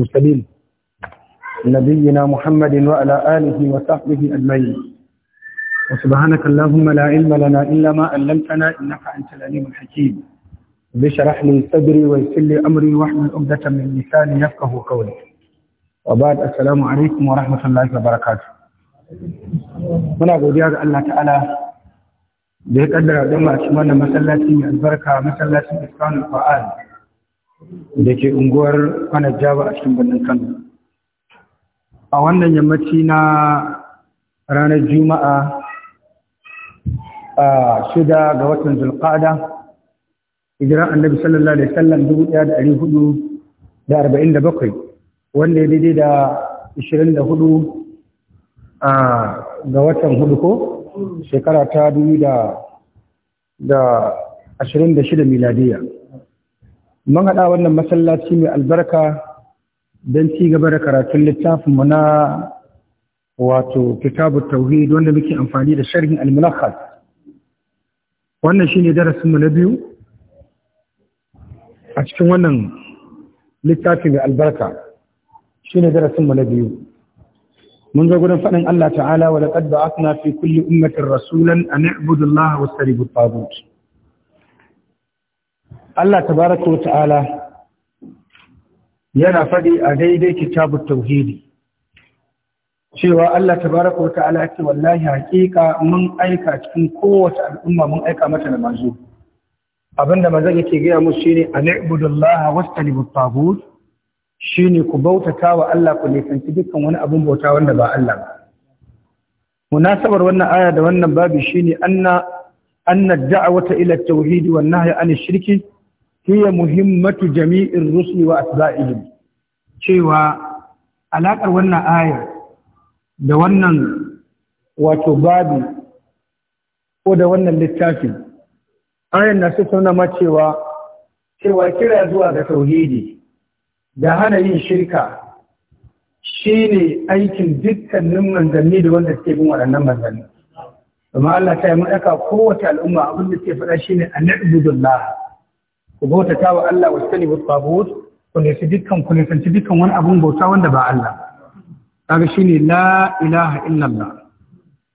المرسلين نبينا محمد وعلى آله وصحبه أجمعين وسبحانك اللهم لا علم لنا إلا ما علمتنا إنك أنت العليم الحكيم بشرح لي صدري ويسر لي أمري واحمل عقدة من لساني يفقه قولي وبعد السلام عليكم ورحمة الله وبركاته muna godiya ga Allah ta'ala da ya kaddara don ma cikin wannan masallaci mai albarka masallacin Iskanul Fa'al da ke unguwar kwanar jaba a cikin birnin kano a wannan yammaci na ranar juma'a a shida ga watan zulqada hijiran annabi sallallahu alaihi da bakwai, wanda ya daidai da da a ga watan hudu ko shekara ta shida miladiya mun haɗa wannan masallaci mai albarka don ci gaba da karatun littafinmu na wato kitabu tauhid wanda muke amfani da sharhin al-mulakhas wannan shine darasinmu na biyu a cikin wannan littafi mai albarka shine darasinmu na biyu mun ga gurin faɗin Allah ta'ala wa laqad ba'athna fi kulli ummatin rasulan an i'budu Allah wa saribu Allah tabaraka wa yana faɗi a daidai kitabut tauhidi cewa Allah tabaraka wata'ala ta'ala ce wallahi haƙiƙa mun aika cikin kowace al'umma mun aika mata da manzo abinda manzon yake gaya musu shine an'budullaha wastanibut tagut shine ku bautata wa Allah ku nisanci dukkan wani abun bauta wanda ba Allah ba munasabar wannan aya da wannan babu shine anna anna ad-da'wata ila Tauhidi tauhid wan 'anil shirki هي muhimmatu jami'in الرسل wa asba'ihim cewa alaƙar wannan Aya da wannan wato babi ko da wannan littafi ayar na su suna cewa kira zuwa ga tauhidi da hana yin shirka shi aikin dukkanin manzanni da wanda suke bin waɗannan manzanni. Amma Allah ta yi maɗaka kowace al'umma abin da suke faɗa shine ne a ku bautata wa Allah wasu tani wasu babuwar ku nisanci dukkan ku nisanci dukkan wani abun bauta wanda ba Allah kaga ne la ilaha illallah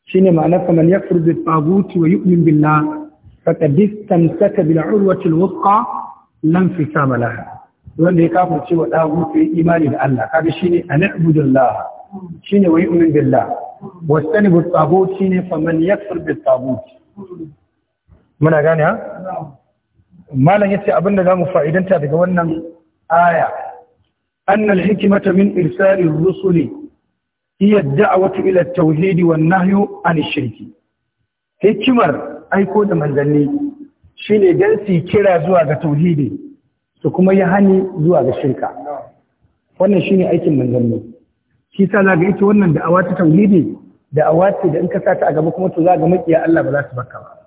shine ma'anar faman yakfur bi taguti wa yu'min billah faqad istamsaka bil urwati al wuthqa fi fisama laha wanda ya kafirce wa taguti imani da Allah kaga shine anabudullah shine wa yu'min billah wastanibu at-tagut shine faman yakfur bi taguti muna gane ha malam yace da zamu fa'idanta daga wannan aya anna al-hikmata min irsali rusuli hiya ad-da'watu ila at-tauhid wan nahyu an shirki hikimar aiko da manzanni shine su kira zuwa ga tauhidi su kuma yi hani zuwa ga shirka wannan shine aikin manzanni shi sa za ga ita wannan da'awa ta tauhidi da'awa ce da in ka sata a gaba kuma to za ga makiya Allah ba za su barka ba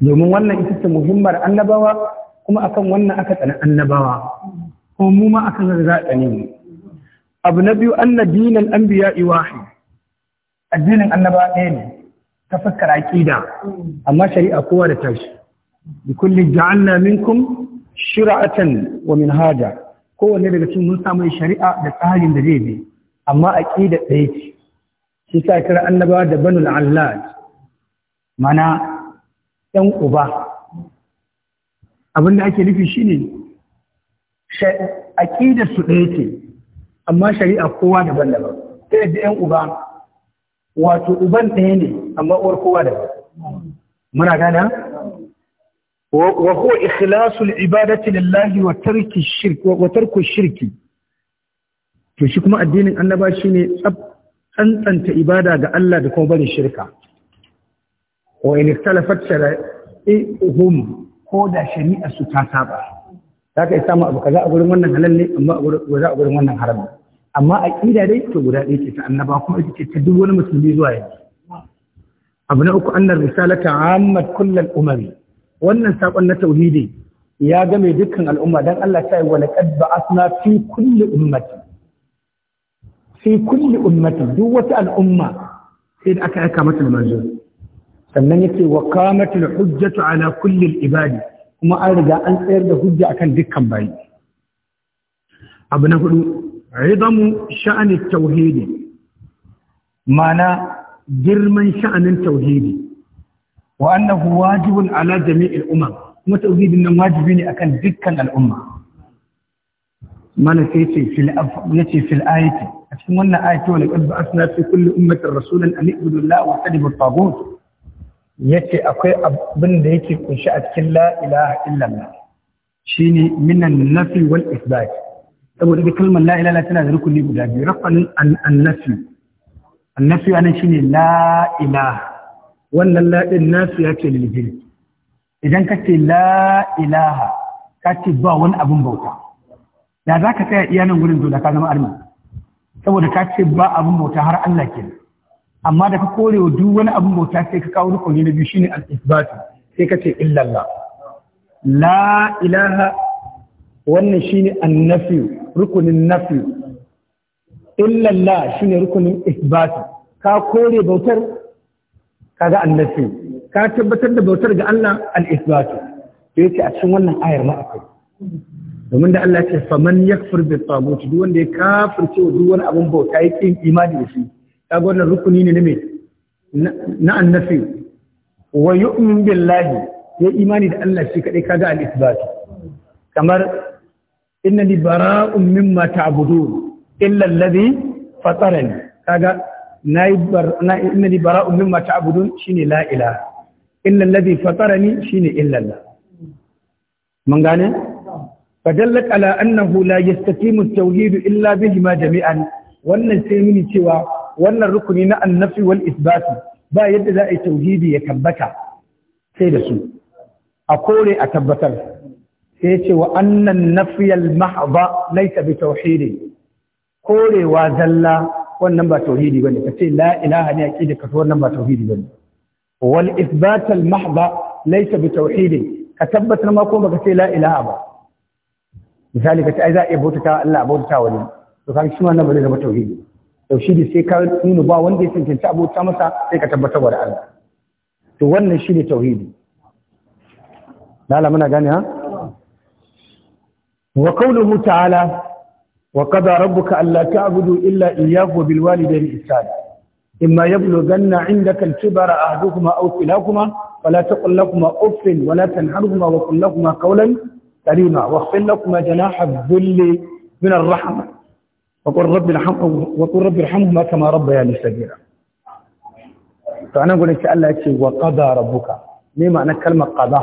domin wannan ita ce muhimmar annabawa kuma akan wannan aka tsani annabawa kuma mu ma aka za a tsani mu abu na biyu anna dinal anbiya wahid addinin annabawa ɗaya ne ta fuskar aqida amma shari'a kowa da tashi bi kulli ja'alna minkum shira'atan wa minhaja kowanne daga cikin mun samu shari'a da tsarin da zai bi amma aqida ɗaya ce shi sa kira annabawa da banul allaj mana ‘yan uba abinda ake nufi shi ne aƙidar su ɗaya ce amma shari'a kowa daban-daban ta yadda ‘yan uba wato uban ɗaya ne amma uwar kowa daban muna gana wa huwa ikhlasul ibadati lillahi wa tarki shirki wa tarku shirki to shi kuma addinin annaba shine tsantsanta ibada ga Allah da kuma barin shirka wa in ikhtalafat shara'ihum ko da shari'a su ta saba za ka yi samu abu kaza a gurin wannan halal ne amma a gurin a gurin wannan haram amma a aqida dai to guda ɗaya ce ta annaba kuma ita ce ta duk wani musulmi zuwa yanzu abu na uku annar risalata ammat kullal umari wannan sakon na tauhidi ya game dukkan al'umma dan Allah ta yi wa laqad ba'athna fi kulli ummati fi kulli ummati duk wata al'umma sai da aka aika mata manzo sannan yake wa qamatul hujjatu ala kulli al-ibadi kuma an riga an tsayar da hujja akan dukkan bayi abu na hudu ridamu sha'ani tauhidi mana girman sha'anin tauhidi wa annahu wajibun ala jami'il umam kuma tauhidin nan wajibi ne akan dukkan al'umma mana sai ce fil yace fil ayati a cikin wannan ayati wa laqad ba'athna fi kulli ummatin rasulan an ibudu allaha wa tadibu taghut yace akwai abin da yake kunshi a cikin la ilaha illallah shine minan nafi wal isbat saboda ita kalmar la ilaha tana da rukuni guda biyu rafanin annafi annafi anan shine la ilaha wannan la din nasu yake lil idan ce la ilaha ce ba wani abin bauta da za ka tsaya iya nan wurin da ka zama armi saboda ka ce ba abin bauta har Allah ke amma da ka kore wa duk wani abin bauta sai ka kawo rukuni na biyu shine al-isbat sai ka ce illallah la ilaha wannan shine an-nafi rukunin nafi illallah shine rukunin isbat ka kore bautar kaga annafi ka tabbatar da bautar ga Allah al-isbat Sai a cikin wannan ayar ma akwai domin da Allah ya ce faman yakfur bi tagut duk wanda ya kafirce duk wani abin bauta yake imani da shi kaga wannan rukuni ne na me na annafi wa yu'min billahi ya imani da Allah shi kadai kaga al-isbat kamar innani bara'un mimma ta'budun illa alladhi fatarani kaga nayi na innani bara'un mimma ta'budun shine la ilaha illa alladhi fatarani shine illa Allah mun gane fadallat ala annahu la yastatimu at-tauhid illa ma jami'an wannan sai mini cewa wannan rukuni na annafi wal isbati ba yadda za a yi tauhidi ya tabbata sai da su a kore a tabbatar sai ce wa annan nafiyal mahdha laysa bi tauhidi korewa zalla wannan ba tauhidi bane kace la ilaha ne aqida ka wannan ba tauhidi bane wal isbat al mahdha laysa bi tauhidi ka tabbatar ma ko baka ce la ilaha ba misali ka ce ai za a iya bautata Allah bautata wani to kan shi wannan ba zai zama tauhidi taushi da sai ka nuna ba wanda ya cancanci abota masa sai ka tabbatar wa da Allah to wannan shine tauhidi lalamuna gane ha wa qawluhu ta'ala wa qada rabbuka alla ta'budu illa iyyahu wa bil walidayni ihsan imma yablughanna 'indaka al-kibara ahaduhuma aw kilakuma fala taqul lahum uffin wa la tanharhuma wa qul lahum qawlan karima wa khfil lahum janaha adh-dhulli min ar-rahmah وقل رب الحمه وقل رب الحمهما كما ربياني صغيرا فانا اقول ان الله يتي وقضى ربك me ma'anar kalmar ƙaza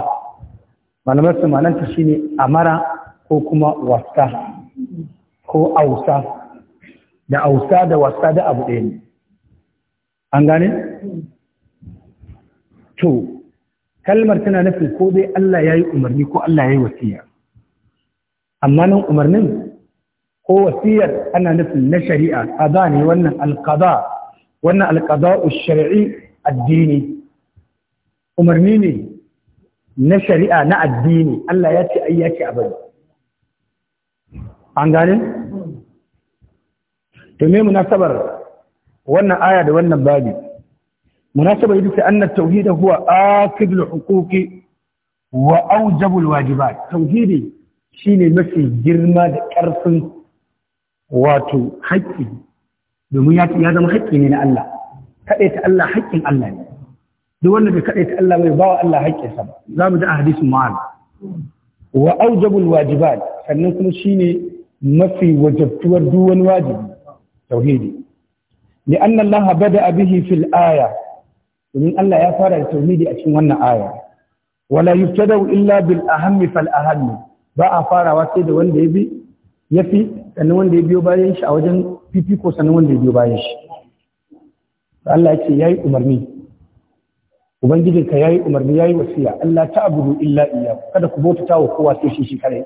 malamar su ma'ananta shi amara ko kuma wasta ko ausa da ausa da wasa da abu ɗaya ne an gane? to kalmar tana nufin ko dai Allah ya yi umarni ko Allah ya yi wasiya amma nan umarnin ko wasiyar ana nufin na shari'a kaza ne wannan alqada wannan alqada'u shar'i addini umarni ne na shari'a na addini Allah ya ce ai yake abin an gane to me munasabar wannan aya da wannan babi munasabar yadda anna tauhid huwa akidul huquqi wa aujabul wajibat tauhidi shine mafi girma da ƙarfin wato haƙƙi domin ya zama haƙƙi ne na Allah kaɗaita Allah haƙƙin Allah ne duk wanda ka kaɗaita Allah bai ba wa Allah haƙƙin sa za mu ji a hadisin ma'ana wa aujabul wajibat sannan kuma shine mafi wajabtuwar duk wani wajibi tauhidi li anna Allah bada bihi fil aya domin Allah ya fara da tauhidi a cikin wannan aya wala yuftadu illa bil ahammi fal ahammi ba a farawa sai da wanda ya bi ya fi sannan wanda ya biyo bayan shi a wajen fifiko sannan wanda ya biyo bayan shi Allah ya ce ya yi umarni ubangijinka ya yi umarni ya yi wasiya Allah ta abudu illa iya kada ku bauta wa kowa sai shi shi kare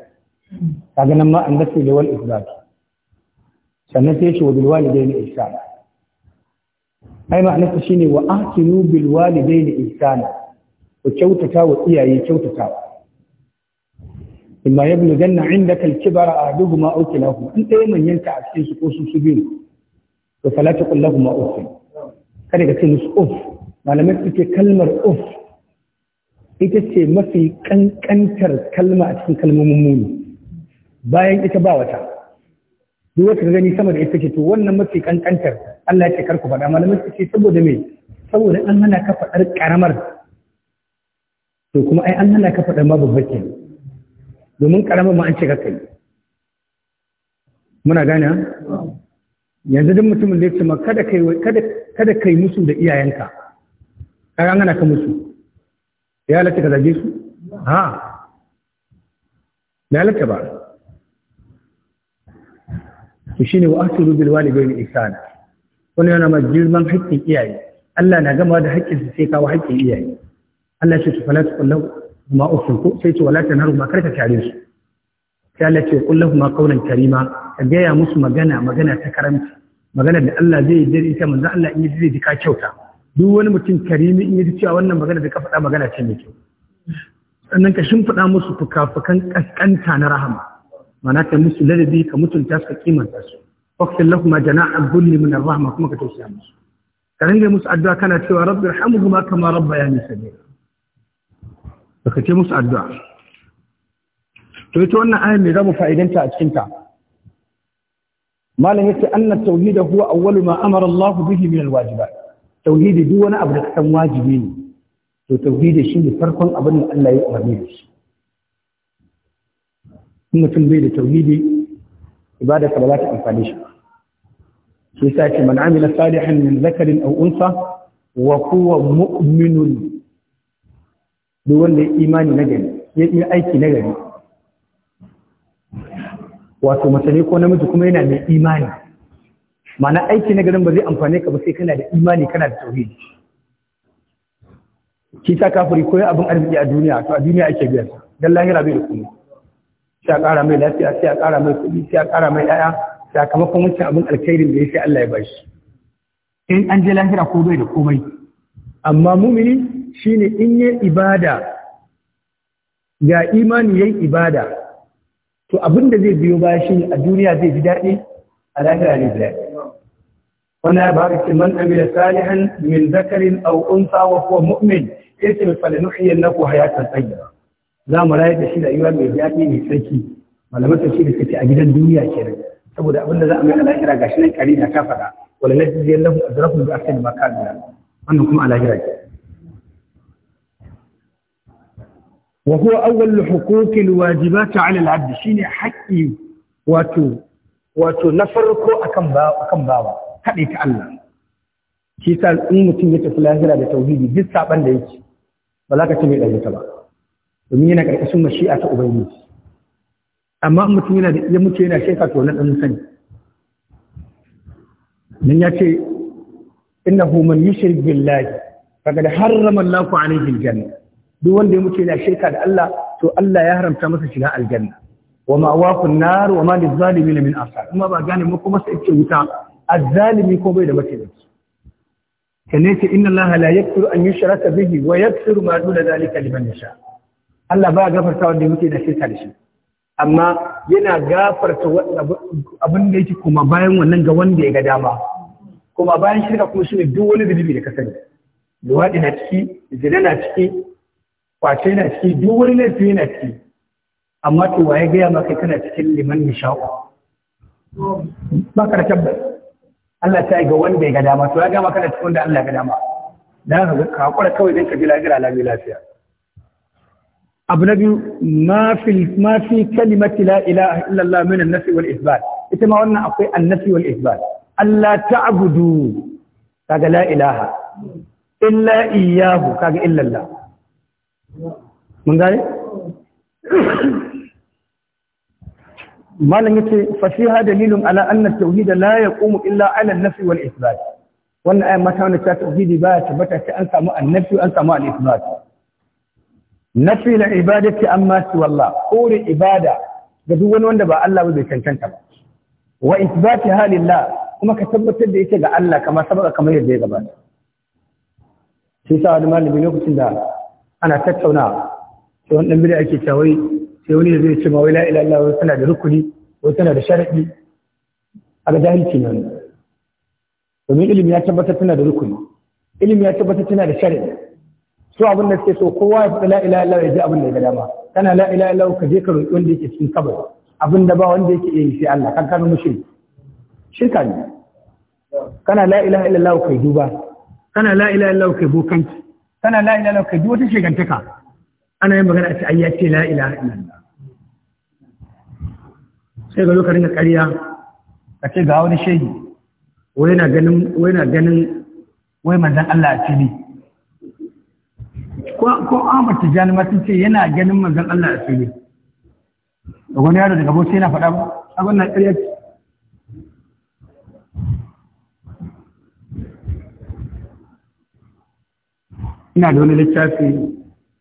ta ganin ma an dace da wani isbat sannan sai shi wa dai na isana ai shi ne wa bilwali dai walidaini isana ku kyautata wa iyaye kyautatawa imma ya bulu janna inda kalkibara a duhu ma'auki lahu in ɗaya ta a cikin su ko su biyu to falata kullahu ma'auki kada ka ce musu of. malamai suke kalmar of ita ce mafi kankantar kalma a cikin kalmomin muni bayan ita ba wata duk wata gani sama da ita ce to wannan mafi kankantar Allah ya ce karku faɗa malamai suke saboda me saboda an hana ka faɗar karamar to kuma ai an hana ka faɗar ma babbar kenan domin karamin ma an ce kakka muna gane yanzu duk mutumin da ya ce ma kada kai kada kada kai musu da iyayenka kaga an gana ka musu ya halatta ka zage su ha ya halatta ba to shine wa asiru bil walidayni ihsana wannan yana ma girman haƙƙin iyaye Allah na gama da haƙƙin su sai kawo haƙƙin iyaye Allah ce su fala su ma uffin ko sai ce wala tanharu ma karka tare su sai Allah ce qawlan karima ka gaya musu magana magana ta karamci magana da Allah zai yi ita manzo Allah in yi zai ji ka kyauta duk wani mutum karimi in yi cewa wannan magana da ka faɗa magana ce mai kyau sannan ka shimfiɗa musu fuka-fukan kaskanta na rahama mana ka musu ladabi ka mutunta su ka kimanta su waqtil lahum jana'a dhulli min ar-rahma kuma ka tausaya musu ka ringa musu addu'a kana cewa rabbi irhamhuma kama rabbayani saghira baka ce musu addu'a to ita wannan ayar me fa'idanta a cikin ta malam yace anna tauhid huwa awwalu ma amara Allah bihi min alwajibat tauhidi duk wani abu da kasan wajibi ne to tauhidi ne farkon abin da Allah ya umarni da shi bai da tauhidi ibada ka ba za ta amfane shi shi yasa ce man amila salihan min zakarin aw wa huwa mu'minun duk wanda ya imani na gari ya yi aiki na gari wato mace ko namiji kuma yana mai imani ma'ana aiki na garin ba zai amfane ka ba sai kana da imani kana da tauhidi ki ta kafiri ya abin arziki a duniya to a duniya ake biyar dan lahira bai da kuma sai a ƙara mai lafiya sai a ƙara mai kuɗi sai a ƙara mai ɗaya sakamakon wancan abin alkhairin da ya sai Allah ya bashi in an je lahira ko bai da komai amma mumini ne in yi ibada ga imani yayi ibada to abinda zai biyo baya shine a duniya zai ji daɗi a lahira ne da wannan ba ka ce man amila salihan min zakarin aw unsa wa huwa mu'min yace fa lanuhyiyannahu hayatan tayyiba za mu rayar da shi da rayuwa mai daɗi mai tsaki malamai sun shi da suke a gidan duniya ke nan. saboda abinda da za a mai ga shi nan kari da ka faɗa wala najziyallahu ajrahum bi ahsani ma kanu wannan kuma alahira kenan wa huwa awwal huquqil wajibat 'ala al shine haƙƙi wato na farko akan bawa akan ta Allah shi sa in mutum ya tafi lahira da tauhidi duk saban da ya ba za ka ci mai ɗauke ta ba domin yana ƙarƙashin mashi'a ta ubangiji amma mutum yana da ya mutu yana shaika to na ɗan sani dan ya ce innahu man yushrik billahi faqad harrama Allahu alayhi al-janna duk wanda ya mutu yana shirka da Allah to Allah ya haramta masa shiga aljanna wa ma'awakun nar wa ma lizalimin min asar kuma ba gane mu kuma sai ce wuta azzalimi ko bai da mataimaki kane ce inna Allah la yaghfiru an yushraka bihi wa yaghfiru ma duna zalika liman yasha Allah ba gafarta wanda ya mutu yana shirka da shi amma yana gafarta abin da yake kuma bayan wannan ga wanda ya ga dama kuma bayan shirka kuma shine duk wani zunubi da ka sani luwaɗi na ciki zina na ciki kwace na ciki duk wani laifi na ciki amma to waye gaya maka kana cikin liman nisha'u ba tabbas Allah ta yi ga wanda ya ga dama to ya ga maka da cikin da Allah ya ga dama dan ka hakura kawai dan ka ji lafiya lami lafiya abu na biyu ma fi ma fi kalimati la ilaha illa Allah min an-nafi wal ithbat ita ma wannan akwai an-nafi wal ithbat Allah ta'budu kaga la ilaha illa iyyahu kaga illallah. mun malam yace fa fiha dalilun ala anna at-tauhid la yaqumu illa ala an-nafi wal isbat wannan ayan mata wannan ta tauhidi ba ta tabbata sai an samu annabi an samu al-isbat nafi la ibadati amma siwa Allah kore ibada ga duk wani wanda ba Allah ba bai cancanta ba wa isbati halillah kuma ka tabbatar da yake ga Allah kamar sabaka kamar yadda ya gabata shi sa wani malami lokacin da ana tattaunawa sai wani ɗan bida ake cawai sai wani zai ce ma wai la ilaha tana da rukuni wai tana da sharaɗi a ga jahilci ne wani domin ilimi ya tabbatar tana da rukuni ilimi ya tabbatar tana da sharaɗi su abin da suke so kowa ya fi la ilaha illallah ya ji abin da ya ga dama kana la ilaha illallah ka je ka roƙi wanda yake cikin kabari abin da ba wanda yake iya yi sai Allah kan kana mushrik shirka ne kana la ilaha illallah kai duba kana la ilaha illallah kai bokanci kana la ilaha ka duk wata shegantaka ana yin magana a ce ayya ce la ilaha illallah sai ga lokacin da ƙarya ka ce ga wani shegi wai na ganin wai na ganin wai manzon Allah a fili ko ko Ahmad Tijani ma sun ce yana ganin manzon Allah a fili wani yaro daga bauchi yana faɗa ba abin na ƙarya ce ina da wani littafi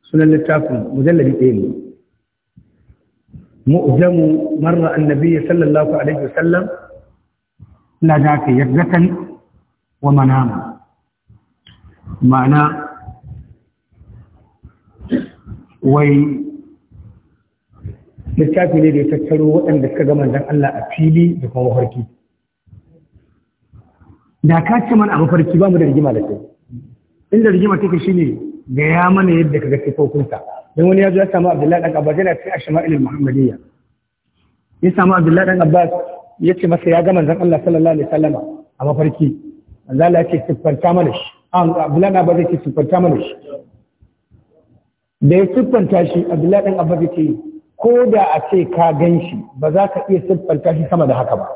sunan littafin mujallabi ɗaya ne mu'jamu marra annabi sallallahu alaihi wasallam la da ka yaddatan wa manama ma'ana wai littafi ne da ya tattaro waɗanda suka gama dan Allah a fili da kuma mafarki da ka ce mana a mafarki ba mu da rigima da kai inda rigima take shine ga ya mana yadda kaga sifofinsa don wani ya zo ya samu abdullahi dan abbas yana cikin ashma'il muhammadiyya ya samu abdullahi dan abbas ya ce masa ya ga manzon Allah sallallahu alaihi wasallama a mafarki manzo Allah yake siffanta mana shi ah, abdullahi dan abbas yake siffanta mana shi da ya siffanta shi abdullahi dan abbas yake ko da a ce ka gan shi ba za ka iya siffanta shi sama da haka ba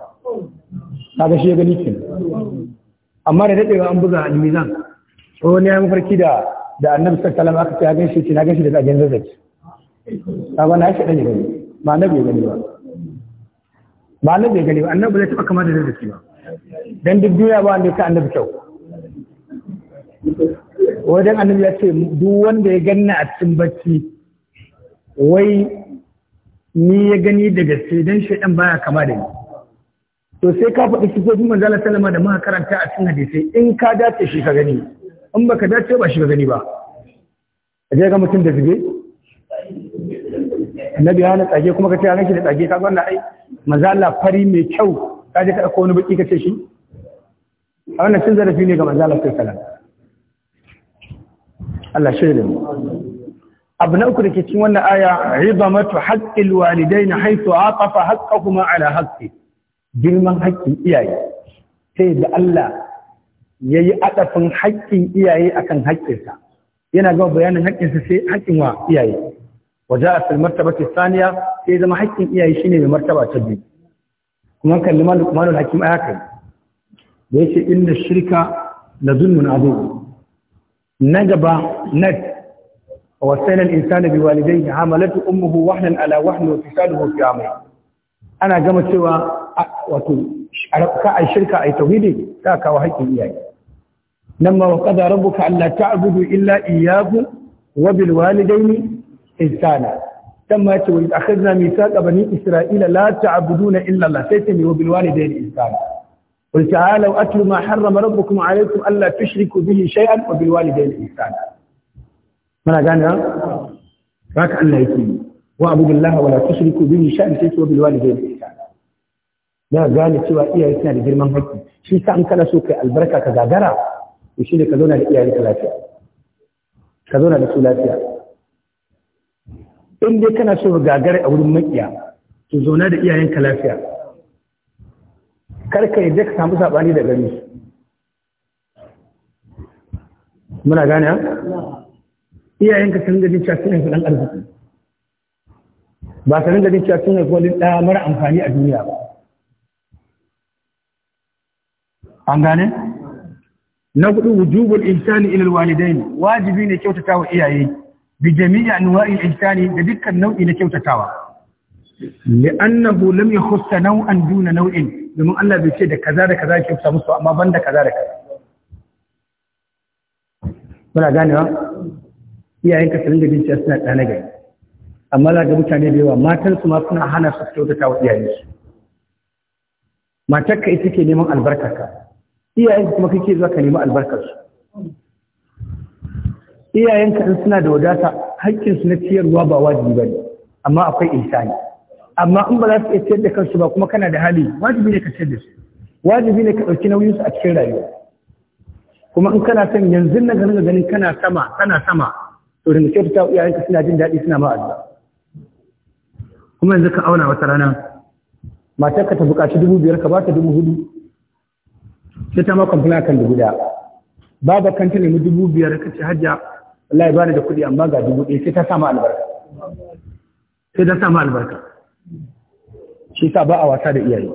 kaga shi ya gani kin amma da dadewa an buga al-mizan ko wani ya mafarki da da annabi sallallahu aka ce ya shi ce na ganshi da zagen zazzaki ta ba na shi ɗan gani ba na bai gani ba ba na bai gani ba annabi zai taɓa kama da zazzaki ba dan duk duniya ba wanda ya ka annabi kyau wajen annabi ya ce duk wanda ya ganna a cikin bacci wai ni ya gani da gaske dan shaidan baya kama da ni to sai ka faɗi sifofin manzala salama da muka karanta a cikin hadisai in ka dace shi ka gani in baka dace ba shi ga gani ba a je ga mutum da zube na biya na tsage kuma ka ce ranki da tsage ka wannan ai mazala fari mai kyau ka je ka dauko wani baki ka ce shi a wannan cin zarafi ne ga mazala sai kala. Allah shi shirya mu abu na uku da ke cikin wannan aya ribamatu haqqil a haythu haƙƙa kuma ala haƙƙi girman haƙƙin iyaye sai da Allah ya yi adafin haƙƙin iyaye akan haƙƙinsa yana gama bayanin haƙƙinsa sai haƙƙin wa iyaye waje a fil martaba ta saniya sai zama haƙƙin iyaye shine mai martaba ta biyu kuma kalli malukmanul hakim aya kai da yake inda shirka la zulmun azim na gaba nat ووصينا الإنسان بوالديه حملته أمه ala على وحن وفصاله في عامين Ana gama cewa wato a shirka a tauhidi ta kawo haƙƙin iyaye لما وقضى ربك ألا تعبدوا إلا إياه وبالوالدين إنسانا ثم وإذ أخذنا ميثاق بني إسرائيل لا تعبدون إلا الله سيتني وبالوالدين إنسانا قل تعالوا أتلوا ما حرم ربكم عليكم ألا تشركوا به شيئا وبالوالدين إنسانا من أجانا راك الله يكون وأعبد الله ولا تشركوا به شيئا سيتوا وبالوالدين إنسانا لا قال سوى إيه suna da girman haƙƙi shi sa an kana so shi ne ka zauna da iyayenka lafiya ka zauna da su lafiya in dai kana so gagare a wurin makiya to zauna da iyayenka lafiya kar ka yadda ka samu sabani da gari muna gane ha iyayenka sun gaji cewa sun haifi dan arziki ba sanin gaji cewa sun haifi wani ɗaya mara amfani a duniya ba an gane na hudu wujubul ihsani ila alwalidain wajibi ne kyautata wa iyaye bi jami'i anwa'il ihsani da dukkan nau'i na kyautatawa li'annahu lam yakhussa naw'an duna naw'in domin Allah bai ce da kaza da kaza kyautata musu amma banda kaza da kaza muna ganewa iyayen ka sanin da binciya suna ɗana gari amma za ga mutane da yawa matan su ma suna hana su kyautata wa iyayensu matarka ita ke neman albarkarka iyayen kuma kake zuwa ka nemi albarkarsu iyayenka in suna da wadata haƙƙinsu na ciyarwa ba wajibi ba ne amma akwai ihsani amma in ba za su iya ciyar da kansu ba kuma kana da hali wajibi ne ka ciyar da su wajibi ne ka ɗauki nauyinsu a cikin rayuwa kuma in kana son yanzu na ganin ganin kana sama kana sama to ta kyautata iyayenka suna jin daɗi suna ma Allah kuma yanzu ka auna wata rana matar ka ta buƙaci dubu biyar ka ba ta dubu hudu sai ta makon fina kan dubu daya da kan ta nemi dubu biyar ka ce hajja wallahi bani da kuɗi amma ga dubu ɗaya sai ta sama albarka sai ta sama albarka shi sa ba a wasa da iyaye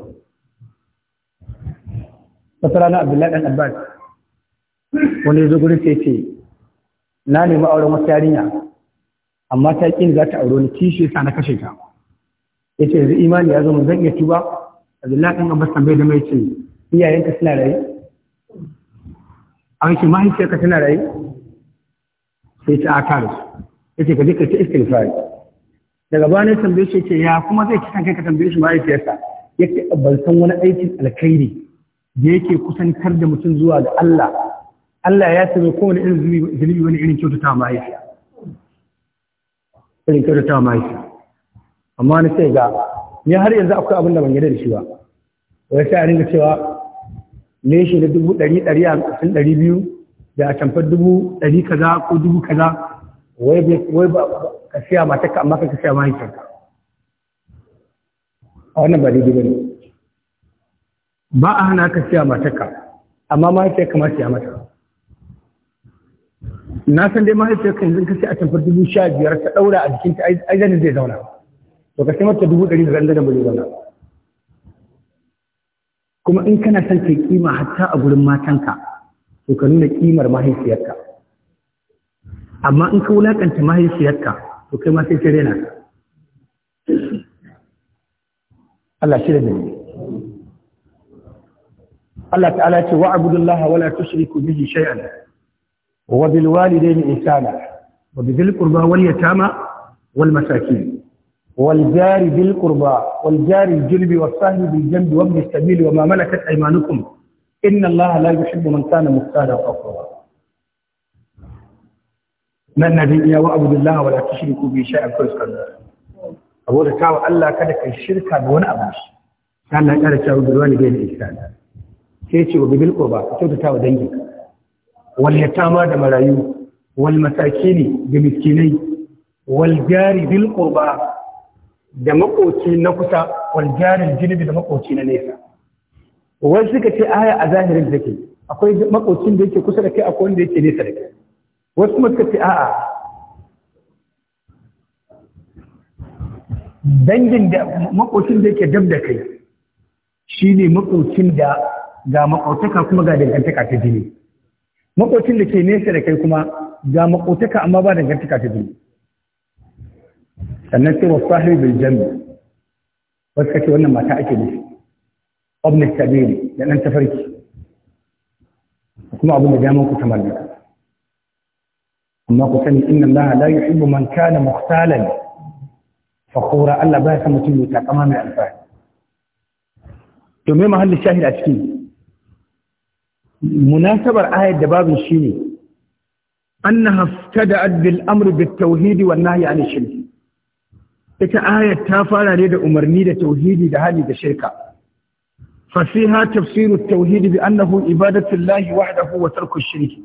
wata rana abdullahi dan abbas wani ya zo gurin sai ce na nemi auren wata yarinya amma ta ƙin za ta aure ni kishi sa na kashe ta ya ce yanzu imani ya zo mun zan iya tuba abdullahi dan abbas tambaye da mai ce iyayenka suna rayu an shi mahaifiyarka tana rayu sai ta aka da su Ya ce ka je ka iskin fari daga bane tambaye shi ce ya kuma zai kisan kanka ka tambaye shi mahaifiyarsa yace ban san wani aikin alkhairi da yake kusantar da mutum zuwa ga Allah Allah ya sani kowane irin zunubi wani irin kyautata mahaifiya irin kyautata mahaifiya amma na sai ga ni har yanzu akwai abin da ban gida da shi ba wai sai a ringa cewa leshe da dubu ɗari ɗari a ƙasin ɗari biyu da a tamfar dubu ɗari kaza ko dubu kaza wai ba ka siya matarka amma ka siya mahaifiyarka a wannan ba daidai ba ne ba a hana ka siya matarka amma mahaifiyarka ma siya mata na san dai mahaifiyarka yanzu ka siya a tamfar dubu sha biyar ta ɗaura a jikinta aizanin zai zauna to ka sai mata dubu ɗari da zan zan ba zai zauna ba kuma in kana son kai kima hatta a gurin matanka to ka nuna kimar mahaifiyarka amma in ka wulakanta mahaifiyarka to kai ma sai ka rena Allah shi da ne Allah ta'ala ce wa abudullaha wala tushriku bihi shay'an wa bil walidayni ihsana wa bi dhil qurba wal yatama wal masakin والجار بالقربى والجار الجنب والصاحب بالجنب وابن السبيل وما ملكت ايمانكم ان الله لا يحب من كان مختالا فخورا nan na bin iya wa abu billahi wa la tushriku bi shay'an kullu sallah saboda kawo Allah kada kai shirka da wani abu shi Allah ya kara cewa bil walidayni ihsana sai ce wa bil ka kyautata wa da marayu wal masakini da miskinai wal jari da makoci na kusa waljarin jarin da makoci na nesa wai suka ce aya a zahirin da ke, akwai makocin da yake kusa da kai akwai wanda yake nesa da kai wasu kuma suka ce a'a dangin da makocin da yake dab da kai shi ne makocin da ga makotaka kuma ga dangantaka ta jini makocin da ke nesa da kai kuma ga makotaka amma ba dangantaka ta jini sannan sai wa sahibul jami wasu kake wannan mata ake nufi ibn sabili da dan tafarki kuma abin da dama ku ta amma ku sani inna allaha la yuhibbu man kana mukhtalan fakura Allah ba ya san mutum mai takama mai alfahari to me mahallin shahid a ciki munasabar ayat da babin shine annaha iftada bil amri bit tawhid wan nahyi anil shirk ita ayar ta fara ne da umarni da tauhidi da hali da shirka fasiha tafsiru tauhidi bi annahu ibadatullahi wahdahu wa tarku shirki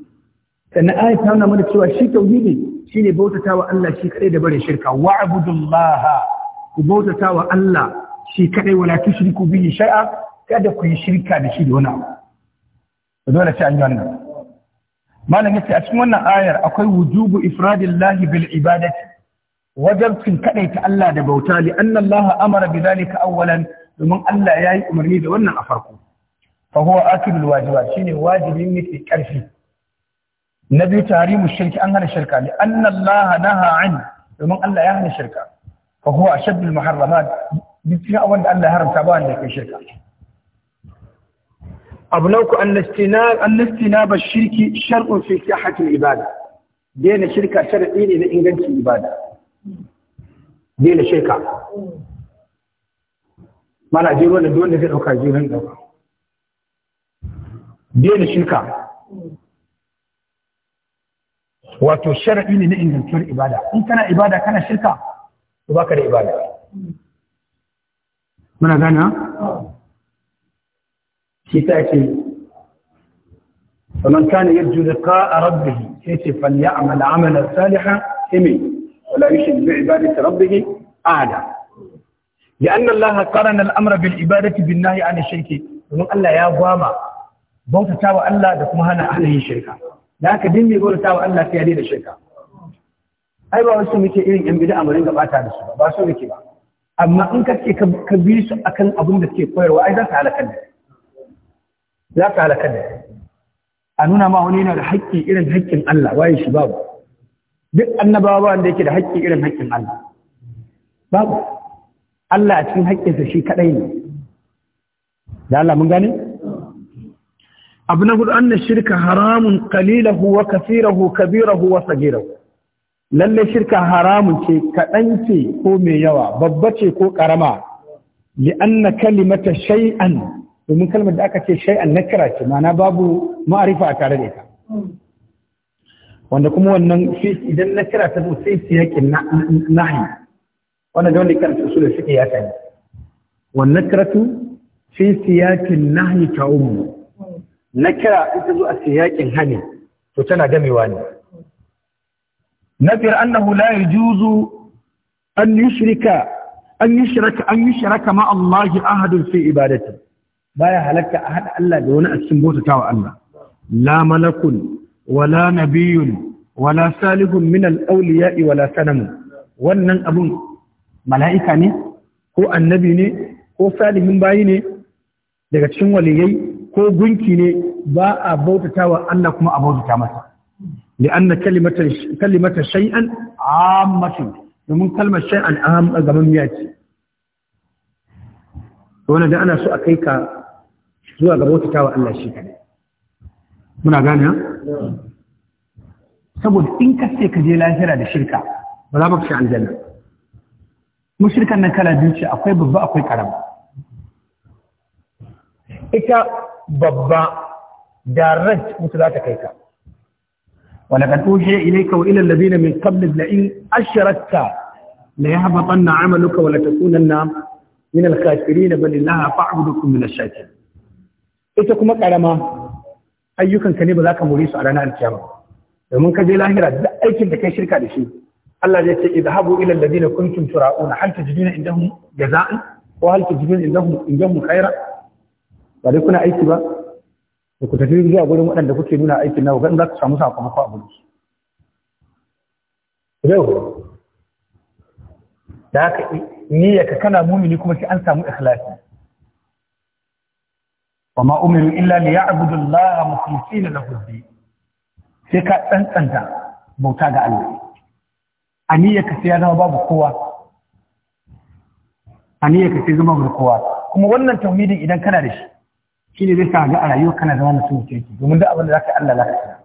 sannan ayat ta mana cewa shi tauhidi shine bautatawa Allah shi kadai da bare shirka wa'budullaha ku bautatawa Allah shi kadai wala tushriku bihi shay'a kada ku yi shirka da shi da wani abu sai a cikin wannan ayar akwai wujubu ifradillahi bil wajabcin kaɗai ta Allah da bauta li anna Allah amara bi zalika awwalan domin Allah ya yi umarni da wannan a farko fa huwa akibul wajibat shine wajibin ne ke karfi na biyu tahrimu shirki an hana shirka li anna Allah naha an domin Allah ya hana shirka fa huwa ashaddul muharramat duk abin da Allah ya haramta ba wanda kai shirka abu na uku anlastina ba shirki shar'un fi sihatul ibada daina shirka sharadi ne na ingancin ibada daina shirka mana je wani da wanda zai ɗauka je nan ɗauka daina shirka wato sharaɗi ne na ingantuwar ibada in kana ibada kana shirka to baka da ibada muna gane shi ta ce فمن كان يرجو لقاء ربه فليعمل عملا صالحا امين ولا يشرك بعبادة ربه أحدا لأن الله قرن الأمر بالعبادة بالنهي عن الشرك domin Allah ya gwama bautata wa Allah da kuma hana hana yin shirka da haka din mai bautata wa Allah sai ya da shirka ai ba wasu muke irin yan bid'a mun ga bata da su ba so muke ba amma in ka ce ka bi su akan abin da suke koyarwa za ka da a nuna ma wani yana da hakki irin hakkin Allah waye shi babu duk annabawa wanda yake da haƙƙi irin haƙƙin Allah babu Allah a cikin haƙƙinsa shi kaɗai ne da Allah mun gane abu na annan shirka haramun qalilahu wa kathirahu kabirahu wa sagirahu lalle shirka haramun ce kaɗan ce ko mai yawa babba ce ko ƙarama anna kalimata shay'an domin kalmar da aka ce shay'an nakira ce ma'ana babu ma'arifa a tare da ita wanda kuma wannan idan na kira ta zo sai su yaƙin nahi wanda da wanda karatu su da suke ya sani wannan karatu sai fi siyakin nahi ta umu na kira ita zo a siyakin hani to tana gamewa ne na fiyar annahu la yajuzu an yushrika an yushraka an yushraka ma Allah ahadun fi ibadati baya halatta a hada Allah da wani a cikin bautatawa Allah la malakun wala nabiyun wala salihun min al-awliya wala sanamu wannan abun mala'ika ne ko annabi ne ko salihin bayi ne daga cikin waliyai ko gunki ne ba a bautata wa Allah kuma a bautata masa li'anna kalimata kalimata shay'an ammatun domin kalmar ce wannan ana so a kai ka zuwa ga bautata wa Allah shi kadai muna gane saboda in ka ce ka je lahira da shirka ba za mu ci aljanna mu shirkan nan kala biyu ce akwai babba akwai karama ita babba direct mutu za ta kai ka wala kan wa ila ولقد أوحي إليك وإلى الذين من قبلك لئن أشركت ليهبطن عملك ولتكونن من الخاسرين بل الله فاعبدكم من الشاكرين. إتكم كرما ayyukanka ne ba za ka muri su a ranar alkiyama domin ka je lahira duk aikin da kai shirka da shi Allah zai ce idhabu ila alladhina kuntum tura'una hal tajiduna indahum jaza'an wa hal tajiduna indahum indahum khaira ba dai kuna aiki ba da ku tafi zuwa gurin waɗanda kuke nuna aikin nawa ganin za ku samu sakamako a gurin su da haka niyyarka kana mumini kuma sai an samu ikhlasi wa ma umiru illa li ya'budu Allah mukhlisina lahu din sai ka tsantsanta bauta ga Allah aniyya ka sai zama babu kowa aniyya ka sai zama babu kowa kuma wannan tauhidin idan kana da shi shine zai sa ga a rayuwa kana zama mutum kirki domin duk abin da zaka yi Allah zaka tsaya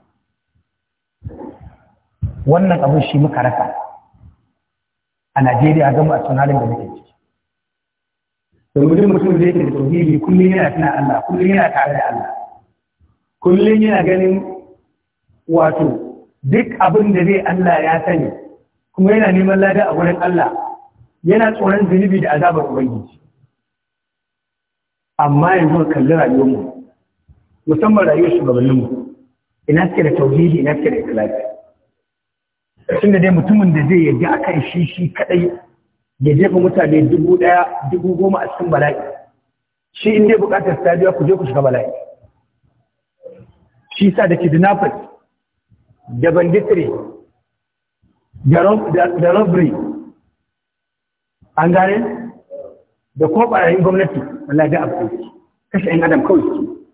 wannan abin shi muka rasa a Najeriya gama a tun halin da muke ciki domin mutum da yake da tauhidi kullum yana tana Allah kullum yana tare da Allah kullum yana ganin wato duk abin da zai Allah ya sani kuma yana neman lada a wurin Allah yana tsoron zunubi da azabar ubangiji amma yanzu kalli rayuwar mu musamman rayuwar shugabannin mu ina suke da tauhidi ina suke da ikhlasi da dai mutumin da zai yarda akan shi shi kadai ya jefa mutane dubu ɗaya dubu goma a cikin bala'i shi inda ya buƙatar ta ku je ku shiga bala'i shi sa da kidnappers da banditry da robbery an gane da kuma ɓarayin gwamnati wallahi da abu kashe ‘yan adam kawai su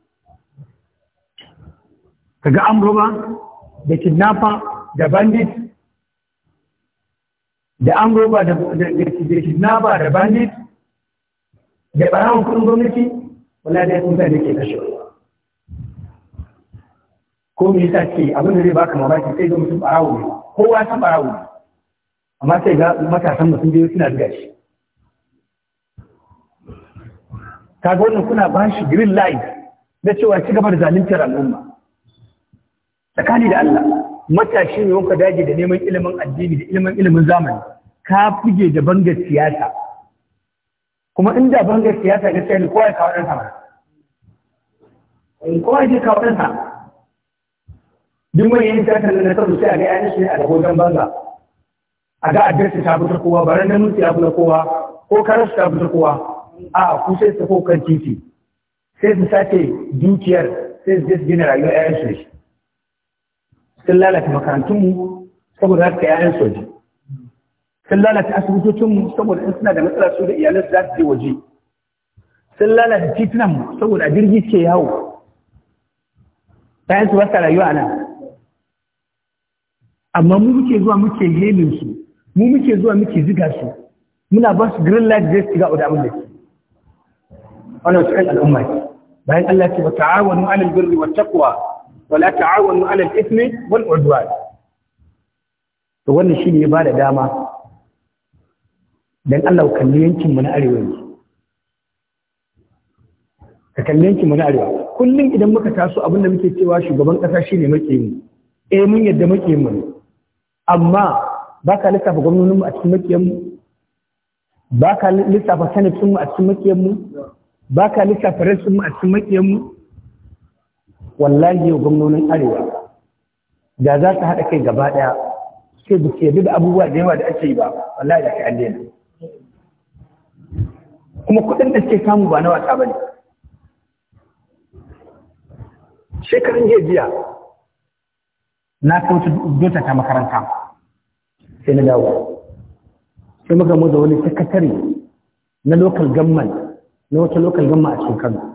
kaga an da kidnapper da bandits da an roba da ba da bandit da barawan kudin gwamnati wala da yasin da ke kashe ko me yasa ce abin da zai baka mamaki sai ga mutum barawo ne kowa san barawo ne amma sai ga matasan mutum biyu suna buga shi kaga wannan kuna ba shi green light na cewa ci gaba da zaluntar al'umma tsakani da Allah matashi ne wanka dage da neman ilimin addini da ilimin ilimin zamani ka fuge da bangar siyasa kuma inda bangar siyasa ga sai kowa ya kawo ɗan sama kowa ya kawo ɗan sama duk mai yin siyasa na nasarar sai a ga yayin shi a da banga. banza a ga adiresin ta fitar kowa baran da nufi ya fitar kowa ko karas ta fitar kowa a ku sai su ko kan titi sai su sace dukiyar sai su je su gina rayuwar yayin shi sun lalata makarantunmu saboda haka ‘ya'yan soji sun lalata asibitocinmu saboda in suna da matsala su da iyalansu za su je waje sun lalata titunanmu saboda jirgi ke yawo ‘ya'yan su ba sa rayuwa nan amma mu muke zuwa muke helin su mu muke zuwa muke ziga su muna ba su green light zai shiga da abin da su. wannan su al'umma ce bayan Allah ce wa ta'awanu alal birni wa taqwa wala ta'awanu al ithmi wal 'udwan to wannan shine ya bada dama dan Allah kalli yankin mu na arewa ne ka kalli yankin mu na arewa kullun idan muka taso abin da muke cewa shugaban kasa shine makiyin eh mun yadda makiyin mu amma ba ka lissafa gwamnatin mu a cikin muke mu ba ka lissafa sanatin mu a cikin muke mu ba ka lissafa rasin mu a cikin muke mu wallahi yau gwamnonin arewa da za ta haɗa kai gaba ɗaya sai da ke da abubuwa da yawa da ake yi ba wallahi da kai an daina kuma kuɗin da suke samu ba na wasa ba ne shekarun jiya jiya na kauce dota ta makaranta sai na dawo sai muka mu da wani sakatare na lokal gamman na wata lokal gamma a cikin kano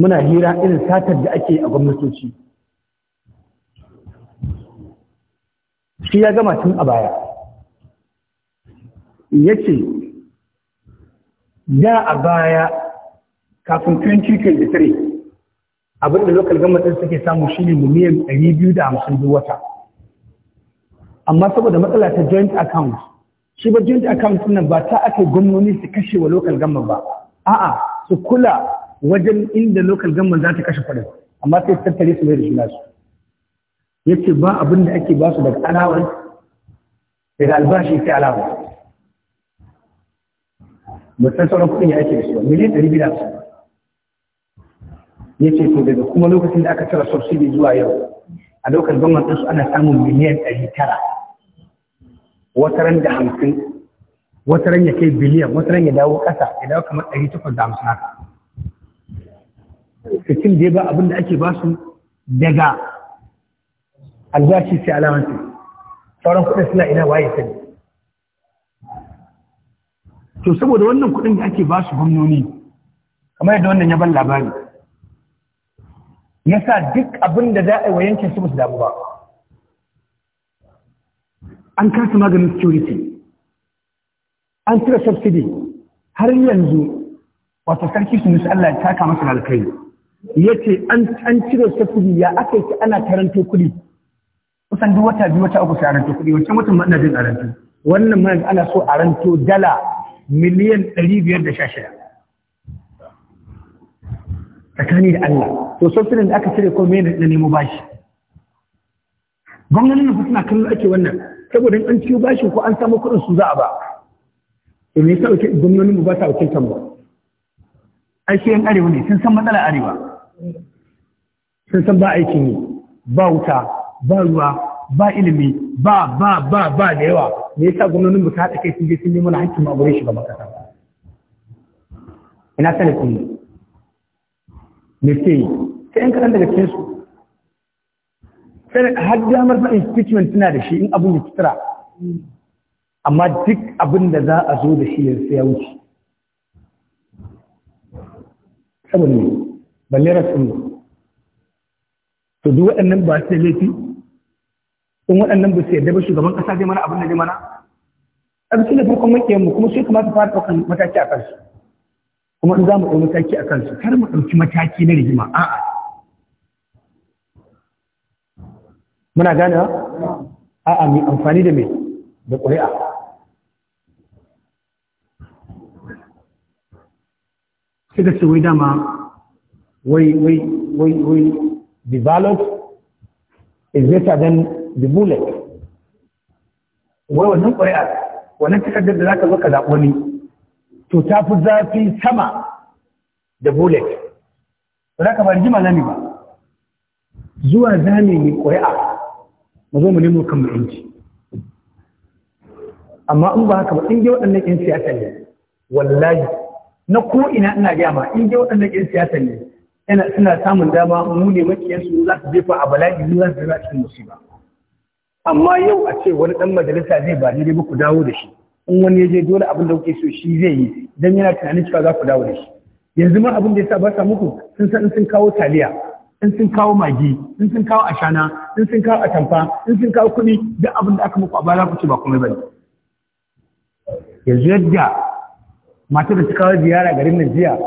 muna hira irin satar da ake a gwamnatoci shi ya gama tun a baya ya ce da a baya kafin 2023 abinda local government suke samu shi ne miliyan 250 wata amma saboda matsala ta joint account shi ba joint account nan ba ta aka gwamnoni su kashe wa local government ba a'a su kula wajen inda local government za ta kashe kuɗin amma sai tattare su mai da juna su ce ba abin da ake ba su daga alawar daga albashi sai alawar mutum sauran kuɗin ya ake da su miliyan ɗari biyu da ya ce to daga kuma lokacin da aka cire subsidy zuwa yau a local government ɗinsu ana samun miliyan ɗari tara wata ran da hamsin wata ran ya kai biliyan wata ran ya dawo ƙasa ya dawo kamar ɗari takwas da hamsin haka fitin da ya ba abin da ake su, daga albashi sai alamansu sauran kudin suna ina waye sani to saboda wannan kudin da ake su gwamnoni kamar yadda wannan ya ban labari ya sa duk abin da za a yi wa yankin su basu damu ba an kasa maganin security an cire subsidy har yanzu Wata sarki su nusu Allah ya taka masa alkai ya ce an cire ta kuɗi ya aka yi ana taranto kuɗi kusan duk wata biyu wata uku sai aranto kuɗi wancan watan ma ina jin aranto wannan ma ana so aranto dala miliyan ɗari biyar da sha shida tsakani da Allah to sosirin da aka cire ko me na nemo bashi gwamnanin nan suna kallo ake wannan saboda an ciyo bashin ko an samu kuɗin su za a ba to me yasa gwamnonin mu ba sa wakiltan ba ai sai arewa ne sun san matsalar arewa sun san ba aikin yi ba wuta ba ruwa ba ilimi ba ba ba ba da yawa me yasa gwamnonin mu ta haɗa kai sun je sun nemo na hakkin a gure shi ga makasa ina sani kun me ke yi sai yan kaɗan daga cikin su har damar fa impeachment tana da shi in abin da kitara amma duk abin da za a zo da shi yanzu ya wuce saboda ne balle rasulullah to duk waɗannan ba su laifi in waɗannan ba su yadda ba shugaban ƙasa zai mana abin da zai mana abin da farkon makiyan mu kuma sai kamata fara ɗaukan mataki a kansu kuma in za mu ɗau mataki a kansu kar mu ɗauki mataki na rigima a'a muna gane a'a mai amfani da mai da ƙuri'a sai da ce wai dama we, we, we, we develop is better than the bullet. Wai wannan ƙwari'a wannan takardar da za ka zo ka zaɓo ni, to ta fi zafi sama da bullet. Ba za ka ba rigima zami ba. Zuwa zami ne ƙwari'a mu zo mu nemo kan mu Amma in ba haka ba, in ji waɗannan ƴan siyasa ne, wallahi, na ko ina ina gaya ma, in ji waɗannan ƴan siyasa ne, yana suna samun dama mu ne makiyansu za su jefa a bala'i mu za su zama cikin musiba amma yau a ce wani dan majalisa zai ba daidai ba ku dawo da shi in wani ya je dole abin da kuke so shi zai yi dan yana tunanin cewa za ku dawo da shi yanzu ma abin da yasa ba sa muku sun san sun kawo taliya in sun kawo magi in sun kawo ashana in sun kawo atamfa in sun kawo kuɗi duk abin da aka muku a baya ku ce ba komai bane yanzu yadda matar da ta kawo ziyara garin nan jiya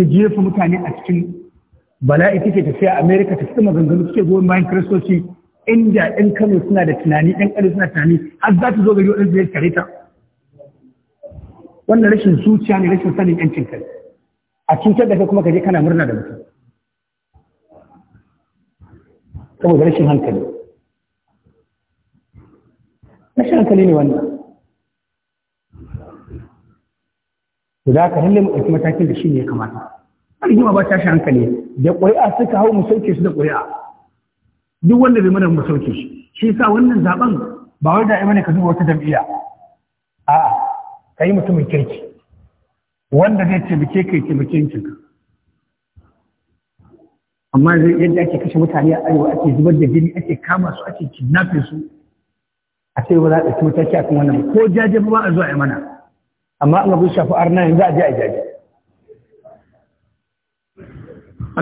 ta jefa mutane a cikin bala'i take tafiya Amerika, ta fita maganganu suke goyon bayan kiristoci inda ɗan kano suna da tunani ɗan kano suna tunani har za ta zo gari waɗansu ya kare ta wannan rashin zuciya ne rashin sanin yancin kai a cutar da kai kuma ka je kana murna da mutum saboda rashin hankali rashin hankali ne wannan to da haka lalle mu ɗauki matakin da shi ne ya kamata rigima ba tashi hankali da ƙuri'a suka hau mu sauke su da ƙuri'a duk wanda bai mana mu sauke shi shi yasa wannan zaben ba wai da mana ka zuba wata jam'iyya a'a ka yi mutumin kirki wanda zai taimake kai taimake yankinka amma yadda ake kashe mutane a arewa ake zubar da jini ake kama su ake kidnapping su a ce ba za a ɗauki mataki a kan wannan ko jaje ba a zuwa a mana أما an abu shafi arna yanzu جاي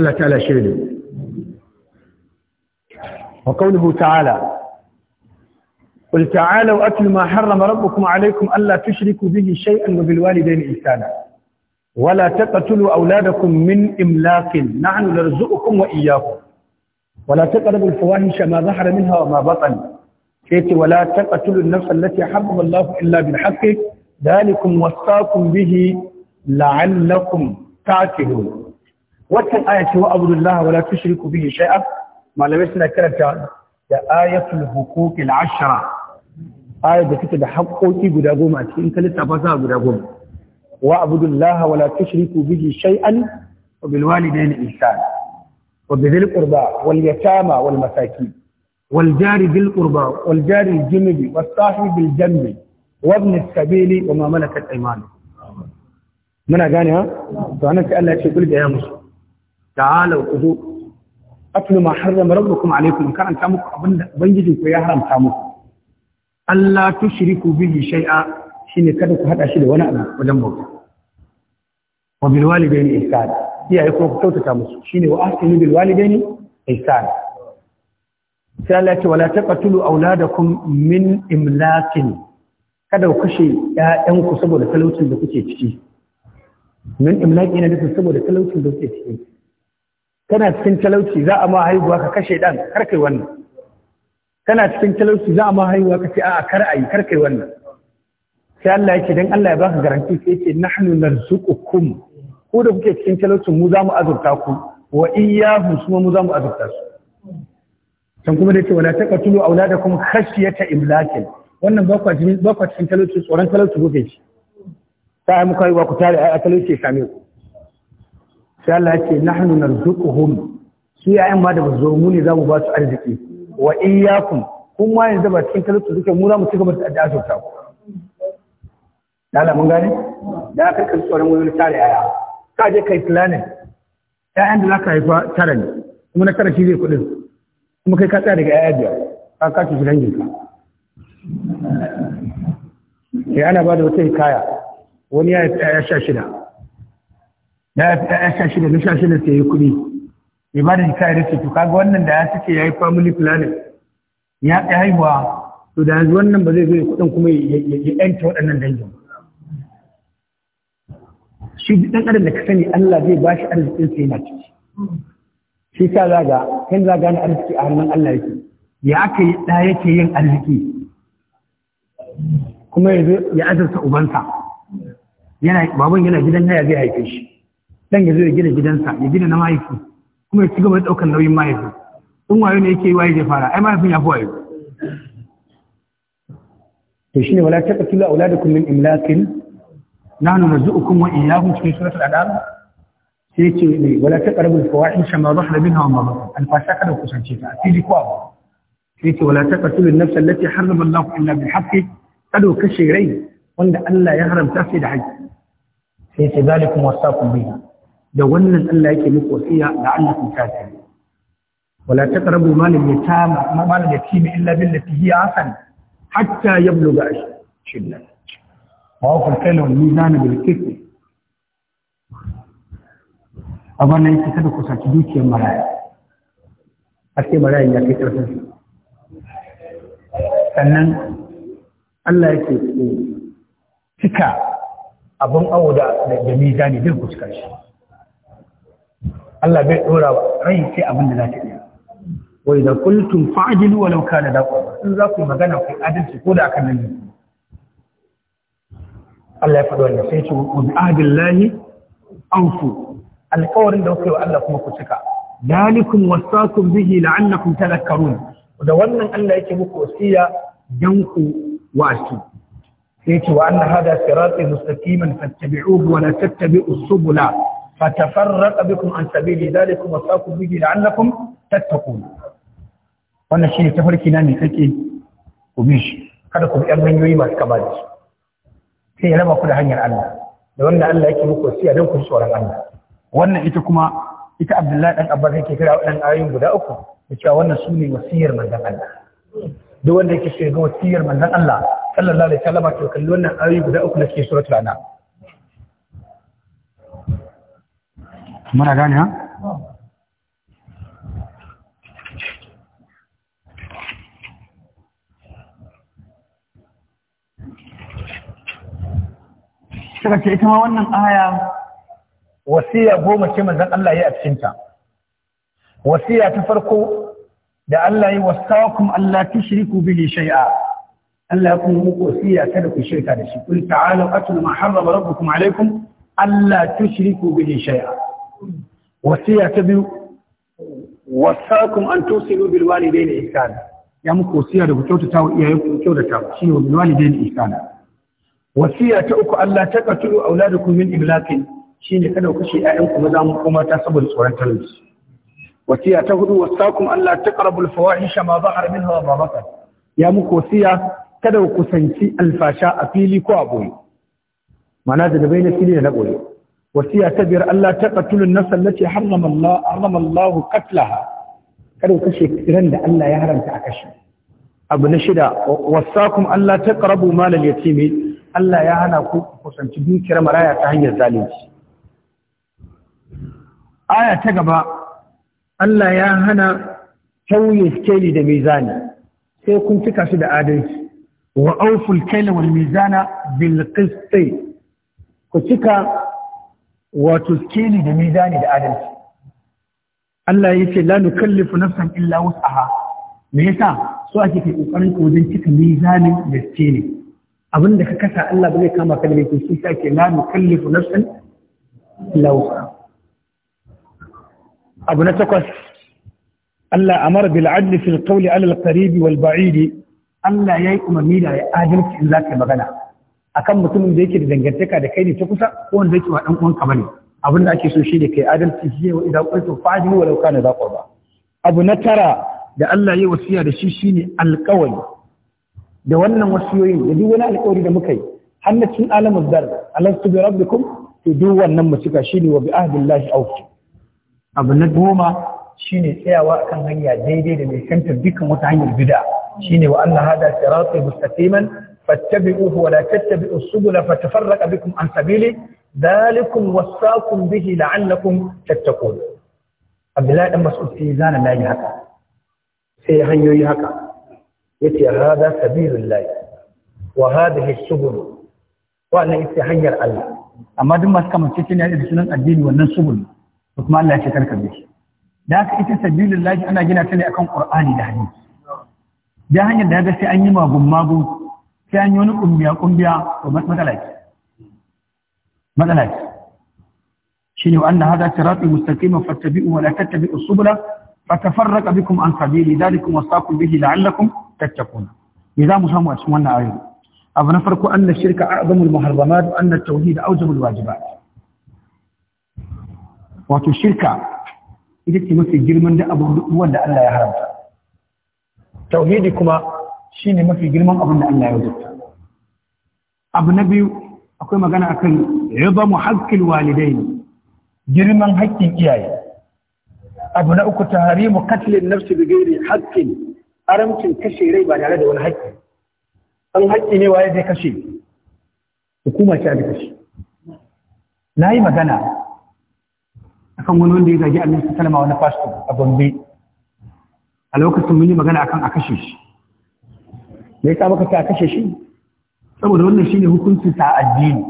je a jaji وقوله تعالى قل تعالوا أتل ما حرم ربكم عليكم ألا تشركوا به شيئا وبالوالدين إحسانا ولا تقتلوا أولادكم من إملاق نحن نرزقكم وإياكم ولا تقربوا الفواحش ما ظهر منها وما بطن كيت ولا تقتلوا النفس التي حرم الله إلا بالحق dalikum wasaqum bihi la'allakum ta'qilun wannan aya ce wa abdullahi wala tushriku bihi shay'a malamai suna karanta da ayatul huquqil ashra ayar da take da haƙoƙi guda goma cikin ka lissafa sa guda goma wa abudullaha wala tushriku bihi shay'an wa bil walidayni ihsan wa bi dhil qurba wal yatama wal masakin wal jari dhil qurba wal jari al junubi was sahib bil janbi وابن السبيل وما ملكت ايمانكم muna gane ha to anan sai Allah ya ce kulga ya musu ta'alu kudu atlu ma harrama rabbukum alaykum karanta muku abinda ubangijin ku ya haramta muku Allah tushriku bihi shay'a shine kada ku hada shi da wani abu wajen bauta wa bil walidayni ihsan iyaye ko ku kyautata musu shine wa ahsinu bil walidayni ihsan sai Allah ya ce wala taqtulu auladakum min imlakin kada ku kashe ƴaƴanku saboda talaucin da kuke ciki min imlaki yana nufin saboda talaucin da kuke ciki kana cikin talauci za a ma haihuwa ka kashe dan kar kai wannan kana cikin talauci za a ma haihuwa ka ce a kar ayi kar kai wannan sai Allah yake dan Allah ya baka garanti sai yake nahnu narzuqukum ko da kuke cikin talaucin mu za mu azurta ku wa iyyahum kuma mu za mu azurta su can kuma da ce wala taqtulu auladakum khashyata imlakin wannan bakwa cikin talauci tsoron talauci gobe. shi ta yi muka yi wa ku tare a talauci ya same ku sai Allah ya ce nahnu narzuquhum su ya'yan ma da ba mu ne za mu ba su arziki wa iyyakum kun ma yanzu ba cikin talauci kuke mu za mu ci gaba da ku Da mun gane? Da aka kai tsoron wani tare aya. Ka je kai planning. ‘Ya'yan da za ka haifa tara ne, kuma na tara shi zai kuɗin, kuma kai ka tsaya daga ƴaƴa biyar, ka kashe shi danginka. sai ana ba da wata hikaya wani ya yi ya sha shida ya ya sha shida na sha shida sai ya kuɗi ya ba da hikaya da ce to kaga wannan da ya suke ya yi family planning ya ɗaya haihuwa to da yanzu wannan ba zai zo kuɗin kuma ya yanke waɗannan dangin shi ɗan adam da ka sani Allah zai ba shi arzikin sai yana ciki shi ka zaga kan zaga na arziki a hannun Allah yake ya aka yi ɗaya yake yin arziki kuma yanzu ya azurta ubansa baban yana gidan haya zai haife shi dan ya ya gina gidansa ya gina na mahaifi kuma ya ci gaba da ɗaukar nauyin mahaifi in wayo ne yake waye zai fara ai mahaifin ya fi wayo to shine wala taqtulu auladakum min imlakin nahnu narzuqukum wa iyyahum cikin suratul anam sai ce ne wala taqrabul fawahisha ma dhahara minha wa ma batan alfasha kada ku kusance ta fili kwa sai ce wala taqtulu an-nafsa allati harrama Allahu illa bil haqqi kado kashe rai wanda Allah ya haramta sai da haƙƙi sai ce zalikum wasaqum bihi da wannan Allah yake muku wasiya da Allah ku tace wala taqrabu mal yatama mal yatim illa billati hiya asan hatta yabluga ashiddah wa qul kaylu mizan bil qist amma nan ki kada ku saki dukiyar maraya har sai maraya ya kai karfin sannan Allah yake ku cika abin awo da da mizani zai ku cika shi Allah bai ɗora dora rai sai abin da za ta iya wa idza qultum fa'dilu walau kana da qurba in za ku magana ku adalci ko da akan nan Allah ya faɗi wannan sai ce ku bi ahdillahi awfu alƙawarin da kuka yi wa Allah kuma ku cika dalikum wasakum bihi la'annakum tadhakkarun da wannan Allah yake muku wasiya dan ku وأكيد يتي وأن هذا صراطي مستقيما فاتبعوه ولا تتبعوا السبل فتفرق بكم عن سبيل ذلك وصاكم به لعلكم تتقون wannan shi Wannan ta tafarki na mai kake ku bi shi kada ku bi ɗan hanyoyi masu kama da shi sai ya raba ku da hanyar Allah da wanda Allah yake muku siya don ku tsoron Allah wannan ita kuma ita Abdullahi dan Abbas yake kira waɗannan ayoyin guda uku da cewa wannan su ne wasiyar manzon Allah duk wanda yake so ga wasiyar manzan Allah sallallahu alaihi wasallam to kalli wannan ayoyi guda uku na cikin suratul anam mana gane ha Saka ce ita ma wannan aya wasiya goma ce manzan Allah ya a cikinta wasiya ta farko da Allah ya wasakum Allah tushriku bihi shay'a Allah ya kuma muku wasiya kada ku shirka da shi kul ta'alu atul ma harrama rabbukum alaikum Allah tushriku bihi shay'a wasiya ta biyu wasakum an tusilu bil walidayni ihsana ya muku wasiya da ku kyautata wa iyayenku ku kyautata shi ne bil walidayni ihsana wasiya ta uku Allah ta qatulu auladakum min imlaqin shine kada ku kashe ƴaƴanku maza ko mata saboda tsoron talauci wasiya ta hudu wasakum Allah taqrabul fawahisha ma zahar minha wa ma batan ya muku wasiya kada ku kusanci alfasha a fili ko a boye ma'ana da dabai na fili da na boye wasiya ta biyar Allah taqatul an-nafs allati harrama Allah harrama Allah qatlaha kada ku kashe da Allah ya haramta a kashe abu na shida wasakum Allah taqrabu Allah ya hana ku kusanci dukiyar maraya ta hanyar zalunci aya ta gaba Allah ya hana tauye skeli da mizani sai kun cika shi da adalci wa auful kaila wal mizana bil qisti ku cika wato skeli da mizani da adalci Allah ya ce la nukallifu nafsan illa wus'aha me yasa so ake kai kokarin ka wajen cika mizanin da skeli abinda ka kasa Allah ba zai kama ka da shi sai ke la nukallifu nafsan illa wus'aha abu na takwas Allah amar bil adli fil qawli ala al qarib wal ba'id Allah yayi umarni da ya adalci in zaka magana akan mutumin da yake da dangantaka da kai ne ta kusa ko wanda yake wa dan uwanka bane abin da ake so shi ne kai adalci shi ne wa idan kuntum fa'dilu wa kana za qurba abu na tara da Allah yayi wasiya da shi shine alqawli da wannan wasiyoyin da duk wani alƙawari da muka yi hannacin alamul dar alastu bi rabbikum to duk wannan mu cika shine wa bi ahdillahi awfu abu na goma shine tsayawa kan hanya daidai da mai kanta dukkan wata hanyar bid'a shine wa Allah hada sirati mustaqiman fattabi'uhu wa la tattabi'us subula fatafarraqa bikum an sabili dalikum wasaqum bihi la'allakum tattaqun Abdullahi dan Mas'ud sai zana nayi haka sai hanyoyi haka yace hada sabilullah wa hadhihi subul wannan ita hanyar Allah amma duk masu kamar cikin ne sunan addini wannan subul to kuma Allah ya ce karka bi da aka ita sabilin lahi ana gina ta ne akan qur'ani da hadisi da hanyar da ya ga sai an yi magun magun sai an yi wani kumbiya kumbiya to matsala ce matsala ce shine wa anna hadha sirati mustaqiman fattabi'u wa la tattabi'u subula fatafarraqa bikum an sabili dhalikum wasaqu bihi la'allakum tattaqun za mu samu a cikin wannan ayoyi abu na farko anna shirka a'zamul muharramat wa anna tauhid awjabul wajibat wato shirka ita ce mafi girman da da Allah ya haramta tauhidi kuma shine mafi girman abin da Allah ya wajabta abu na biyu akwai magana akan ribamu haqqil walidai girman haƙƙin iyaye abu na uku tahrimu katlin nafsi bi ghairi haƙƙin, aramcin kashe rai ba tare da wani haƙƙi an haƙƙi ne waye zai kashe hukuma ce da kashe yi magana akan wani wanda ya zagi annabi sallama wani pastor a Gombe a lokacin mun yi magana akan a kashe shi me yasa muka ce a kashe shi saboda wannan shine hukuncin sa addini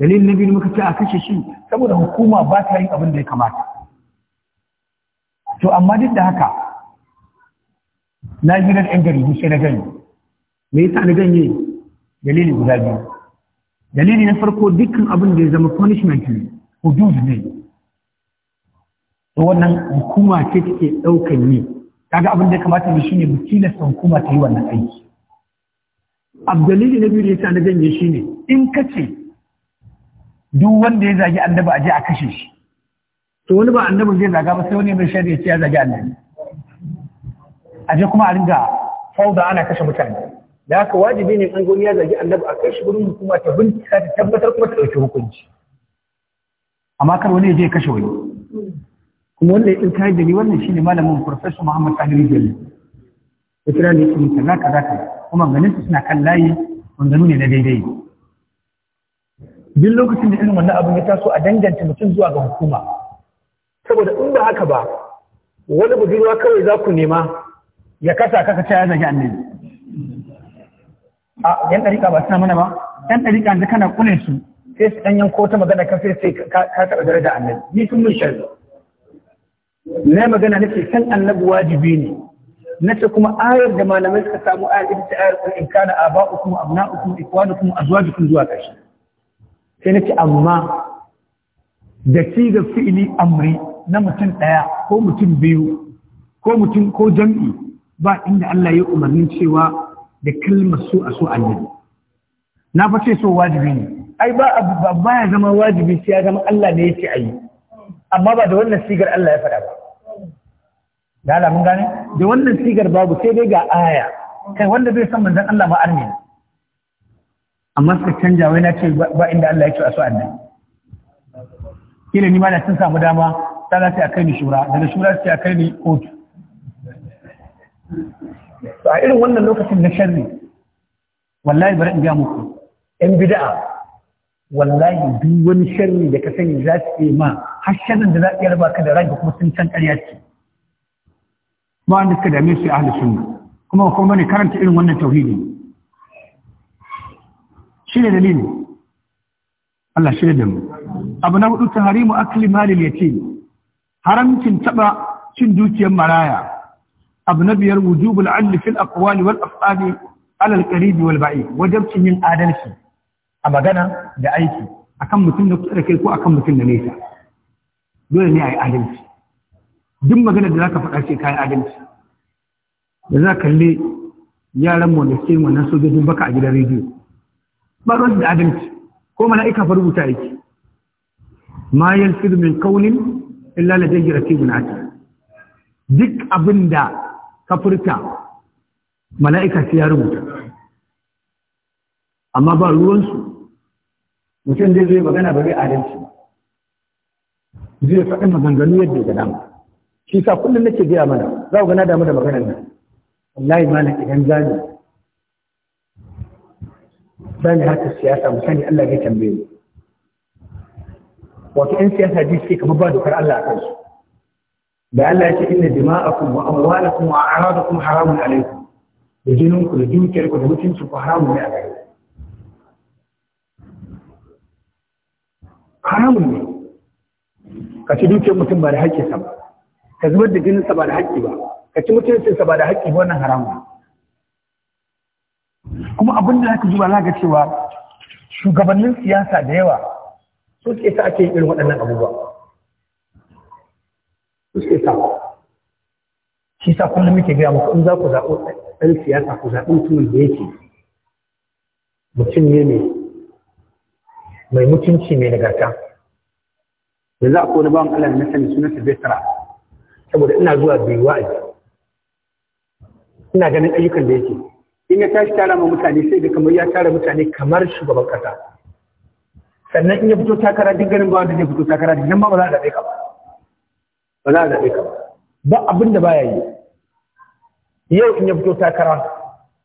dalilin na biyu muka ce a kashe shi saboda hukuma ba ta yin abin da ya kamata to amma duk da haka na ji da ɗan gari sai na ganye me yasa na ganye dalili guda biyu dalili na farko dukkan abin da ya zama punishment ne hudud ne to wannan hukuma ce take ɗaukan yi kaga abin da ya kamata ne shine mu tilasta hukuma ta yi wannan aiki abdalili na biyu da yasa na janye shine in ka ce duk wanda ya zagi annabi a je a kashe shi to wani ba annabin zai zaga ba sai wani mai shari'a ya zagi annabi a je kuma a ringa fauda ana kashe mutane da haka wajibi ne an gani ya zagi annabi a kai shi gurin hukuma ta bincika ta tabbatar kuma ta ɗauki hukunci amma kar wani ya je kashe wani kuma wanda ya tsirka da ni wannan shine malamin professor Muhammad Kadiri Jalli ya kira ni in kaza kaza kaza kuma ganin su suna kan layi wanda ne na daidai duk lokacin da irin wannan abin ya taso a danganta mutum zuwa ga hukuma saboda in ba haka ba wani budurwa kawai za ku nema ya kasa kaka ta ya zagi annabi a yan ɗariƙa ba suna mana ba yan ɗariƙa da kana kule su sai su ɗanyen ko ta magana kan sai ka taɓa dare da annabi ni sun mun shari'a na magana na ce san annabi wajibi ne na ce kuma ayar da malamai suka samu ayar ita ce ayar kun inkana aba'ukum abna'ukum ikwanukum azwajukum zuwa kashi sai na ce amma da ci ga fi'ili amri na mutum ɗaya ko mutum biyu ko mutum ko jam'i ba inda Allah ya umarnin cewa da kalmar so a so annabi na fa ce so wajibi ne ai ba abu ba ya zama wajibi sai ya zama Allah ne yake ayi amma ba da wannan sigar Allah ya faɗa ba da Allah mun gane da wannan sigar babu sai dai ga aya kai wanda bai san manzon Allah ba arni amma sai canja wai na ce ba inda Allah ya ce a so annabi kila ni ma na sun samu dama sai za ta kai ni shura daga shura ta kai ni kotu to a irin wannan lokacin na sharri wallahi bari in ga muku yan bid'a wallahi duk wani sharri da ka sani za su yi ma har sharrin da za su yarba ka da ranka kuma sun can ƙarya ce ba wanda suka dame su ahlus sunna kuma kuma ne karanta irin wannan tauhidi shine dalili Allah shirya da mu abu na hudu taharimu akli ya yatim haramcin taba cin dukiyar maraya abu na biyar wujubul adl fil aqwali wal af'ali ala al qarib wal ba'id wajibcin yin adalci a magana da aiki akan mutum da kusa da kai ko akan mutum da nesa dole ne a yi adalci duk magana da zaka faɗa ce kayi adalci da za kalli yaran mu da suke wannan sojojin baka a gidan rediyo ba ruwan da adalci ko mala'ika fa rubuta yake ma yalfidu min qawlin illa ladayhi raqibun atid duk abinda ka furta mala'ika sai ya rubuta amma ba ruwansu mutum zai zai magana ba zai adalci ba zai faɗi maganganu yadda ga dama shi sa kullum nake gaya mana za ku gana damu da maganar nan wallahi malam idan zani zani haka siyasa misali Allah zai tambaye mu wato ƴan siyasa ji suke kamar ba dokar Allah a kansu da Allah ya ce inna dima'akum wa amwalakum wa a'radakum haramun alaykum da jinin ku da dukiyar ku da mutunci ku haramun ne a gare haramun ne ka ci dukiyar mutum ba da hakkin ba ka zubar da jinin ba da haƙƙi ba ka ci mutuncin sa ba da haƙƙi ba wannan haramun kuma abin da zaka za ka cewa shugabannin siyasa da yawa su ke sa ake irin waɗannan abubuwa su ke sa shi sa kullum muke gaya muku in za ku zaɓo ɗan siyasa ku zaɓi mutumin da yake mutum ne mai mutunci mai nagarta yanzu akwai wani bawan Allah na sani sunan Silvestra saboda ina zuwa bai wa'azi ina ganin ayyukan da yake in ya tashi tara ma mutane sai ga kamar ya tara mutane kamar shugaban kasa sannan in ya fito takara duk ganin ba wanda zai fito takara duk nan ba za a zaɓe ka ba ba za a zaɓe ka ba ba abin da baya yi yau in ya fito takara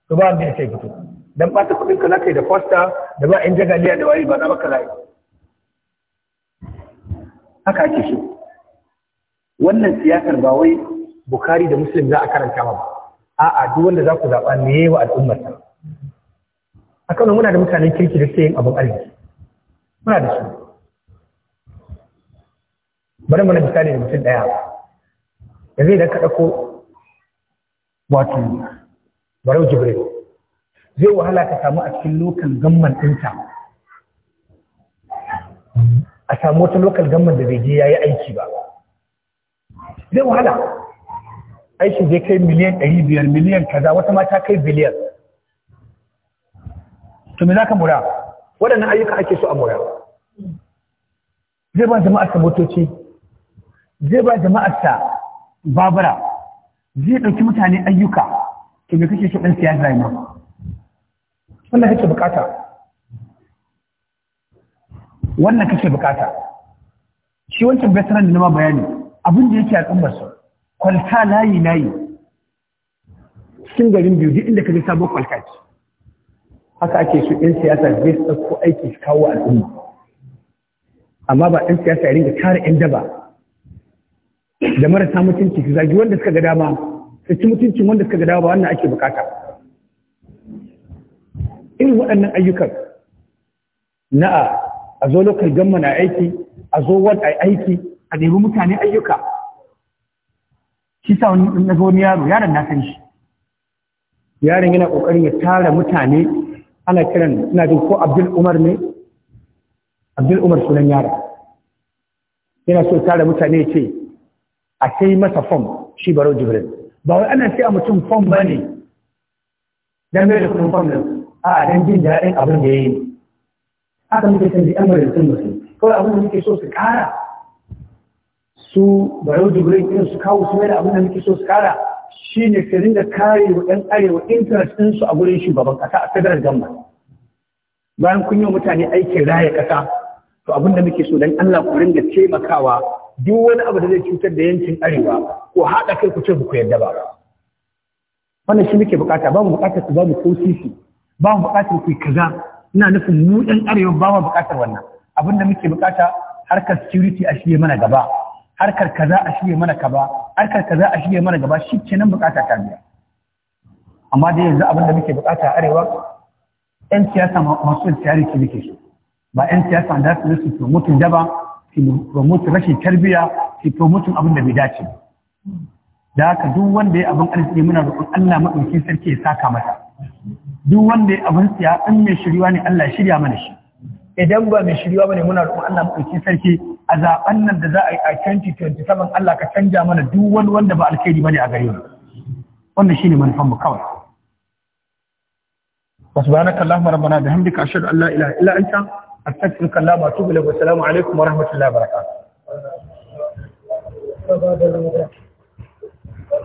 to ba wanda ya sai fito dan ɓata kuɗin ka kai da fosta da ba in jagaliya da wani ba za maka yi, haka ake so wannan siyasar ba wai Bukhari da Muslim za a karanta ba a'a duk wanda za ku zaɓa ya yi wa al'ummar ta akan muna da mutanen kirki da suke yin abin arziki muna da su bari mana misali da mutum ɗaya zai da ka ɗauko wato barau jibril zai wahala ka samu a cikin lokal gamman ɗinta a samu wata lokal gamman da bai je ya yi aiki ba zai wahala aiki zai kai miliyan 500 miliyan kaza wata mata kai biliyan to me za ka mura waɗannan ayyuka ake so a mura zai ba sa motoci zai ba sa babura zai ɗauki mutane ayyuka to me kake so ɗan siyasa zai ma wannan kake bukata wannan kake bukata shi wancan veteran da na ma bayani abin da yake al'ummar su kwalta layi layi cikin garin biyu duk inda ka zai sabon kwalta ce haka ake su ɗin siyasa zai ɗauko aiki su kawo al'umma amma ba ɗan siyasa ya ringa kare yan daba da marasa mutunci su zagi wanda suka ga dama su ci mutuncin wanda suka ga dama ba wannan ake bukata irin waɗannan ayyukan na a zo lokal gamma na aiki a zo wani aiki a nemi mutane ayyuka shi sa wani na ni yaro yaron na san shi yaron yana kokarin ya tara mutane ana kiran ina jin ko Abdul Umar ne Abdul Umar sunan yara yana so tara mutane ya ce a sai masa fom shi baro Jibril ba wai ana sai a mutum fom ba ne dan mai da kuma fom ne a dan jin daɗin abin da yayi haka muke san ji amarin sun musu kawai abin da muke so su kara su bayan gurin ɗin su kawo su mai da abin da muke so su kara shine ne ka ringa kare wa ɗan arewa intanet ɗinsu a gurin shugaban ƙasa a federal gamba bayan kun yi mutane aikin raya kasa, to abin da muke so don allah ku ringa taimakawa duk wani abu da zai cutar da yankin arewa ko haɗa kai ku ce ku yarda ba wannan shi muke bukata ba mu bukata ku ba mu ko sisi ba mu bukata ku kaza ina nufin mu ɗan arewa ba mu bukatar wannan abin da muke bukata harkar security a shi mana gaba harkar ka za a shirya mana ba harkar ka za a shirya mana gaba shi kenan bukata ta biya amma dai yanzu abin da muke bukata a arewa yan siyasa masu tsari ke muke so ba yan siyasa da su su promoting daba su promote rashin tarbiyya su promoting abin da bai dace da haka duk wanda ya abin arziki muna roƙon Allah maɗaukin sarki ya saka mata duk wanda ya abin siya in mai shirya ne Allah ya shirya mana shi idan ba mai shirya ne muna roƙon Allah madaukakin sarki a zaben nan da za a yi a 2027 Allah ka canja mana duk wani wanda ba alkhairi ne a gare mu wannan shine manufan mu kawai وسبحانك اللهم ربنا بحمدك اشهد ان لا اله الا انت استغفرك اللهم واتوب اليك والسلام wa ورحمه الله وبركاته